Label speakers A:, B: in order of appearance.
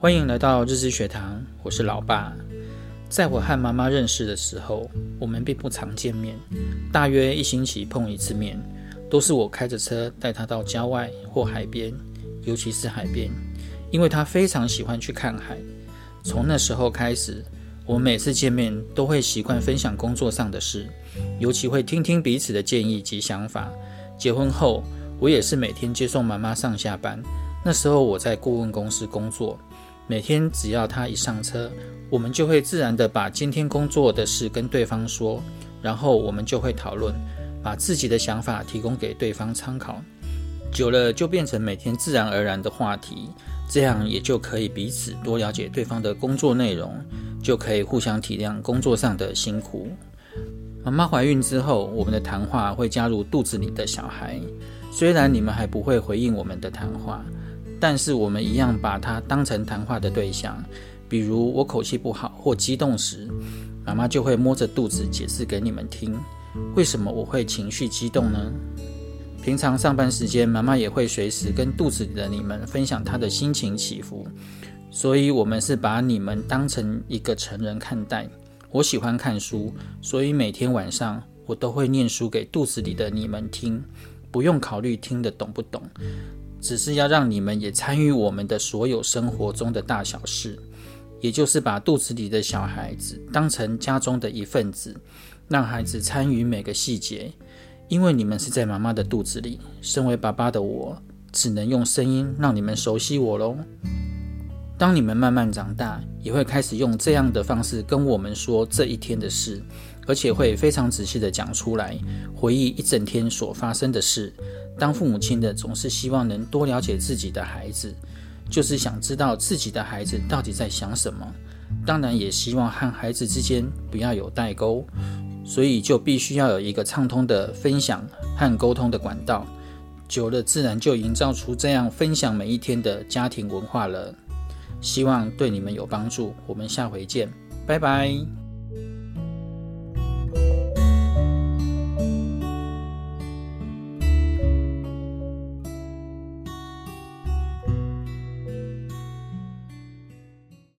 A: 歡迎來到日知學堂，我是老爸。在我和媽媽認識的時候，我們並不常見面，大約一星期碰一次面，都是我開着車帶她到郊外或海邊，尤其是海邊，因為她非常喜歡去看海。從那時候開始，我們每次見面都會習慣分享工作上的事，尤其會聽聽彼此的建議及想法。結婚後，我也是每天接送媽媽上下班，那時候我在顧問公司工作。每天只要他一上車，我們就會自然地把今天工作的事跟對方說，然後我們就會討論，把自己的想法提供給對方參考。久了就變成每天自然而然的話題，這樣也就可以彼此多了解對方的工作內容，就可以互相體諒工作上的辛苦。媽媽懷孕之後，我們的談話會加入肚子裡的小孩，雖然你們還不會回應我們的談話。但是我們一樣把它當成談話的對象，比如我口氣不好或激動時，媽媽就會摸着肚子解釋給你們聽，為什麼我會情緒激動呢？平常上班時間，媽媽也會隨時跟肚子裡的你們分享她的心情起伏，所以我們是把你們當成一個成人看待。我喜歡看書，所以每天晚上我都會念書給肚子裡的你們聽，不用考慮聽得懂不懂。只是要讓你們也參與我們的所有生活中的大小事，也就是把肚子裡的小孩子當成家中的一份子，讓孩子參與每個細節。因為你們是在媽媽的肚子裡，身為爸爸的我，只能用聲音讓你們熟悉我嘍。當你們慢慢長大，也會開始用這樣的方式跟我們說這一天的事，而且會非常仔細地講出來，回憶一整天所發生的事。當父母親的總是希望能多了解自己的孩子，就是想知道自己的孩子到底在想什麼？當然也希望和孩子之間不要有代溝，所以就必須要有一個暢通的分享和溝通的管道。久了自然就營造出這樣分享每一天的家庭文化了。希望對你們有幫助。我們下回見，拜拜。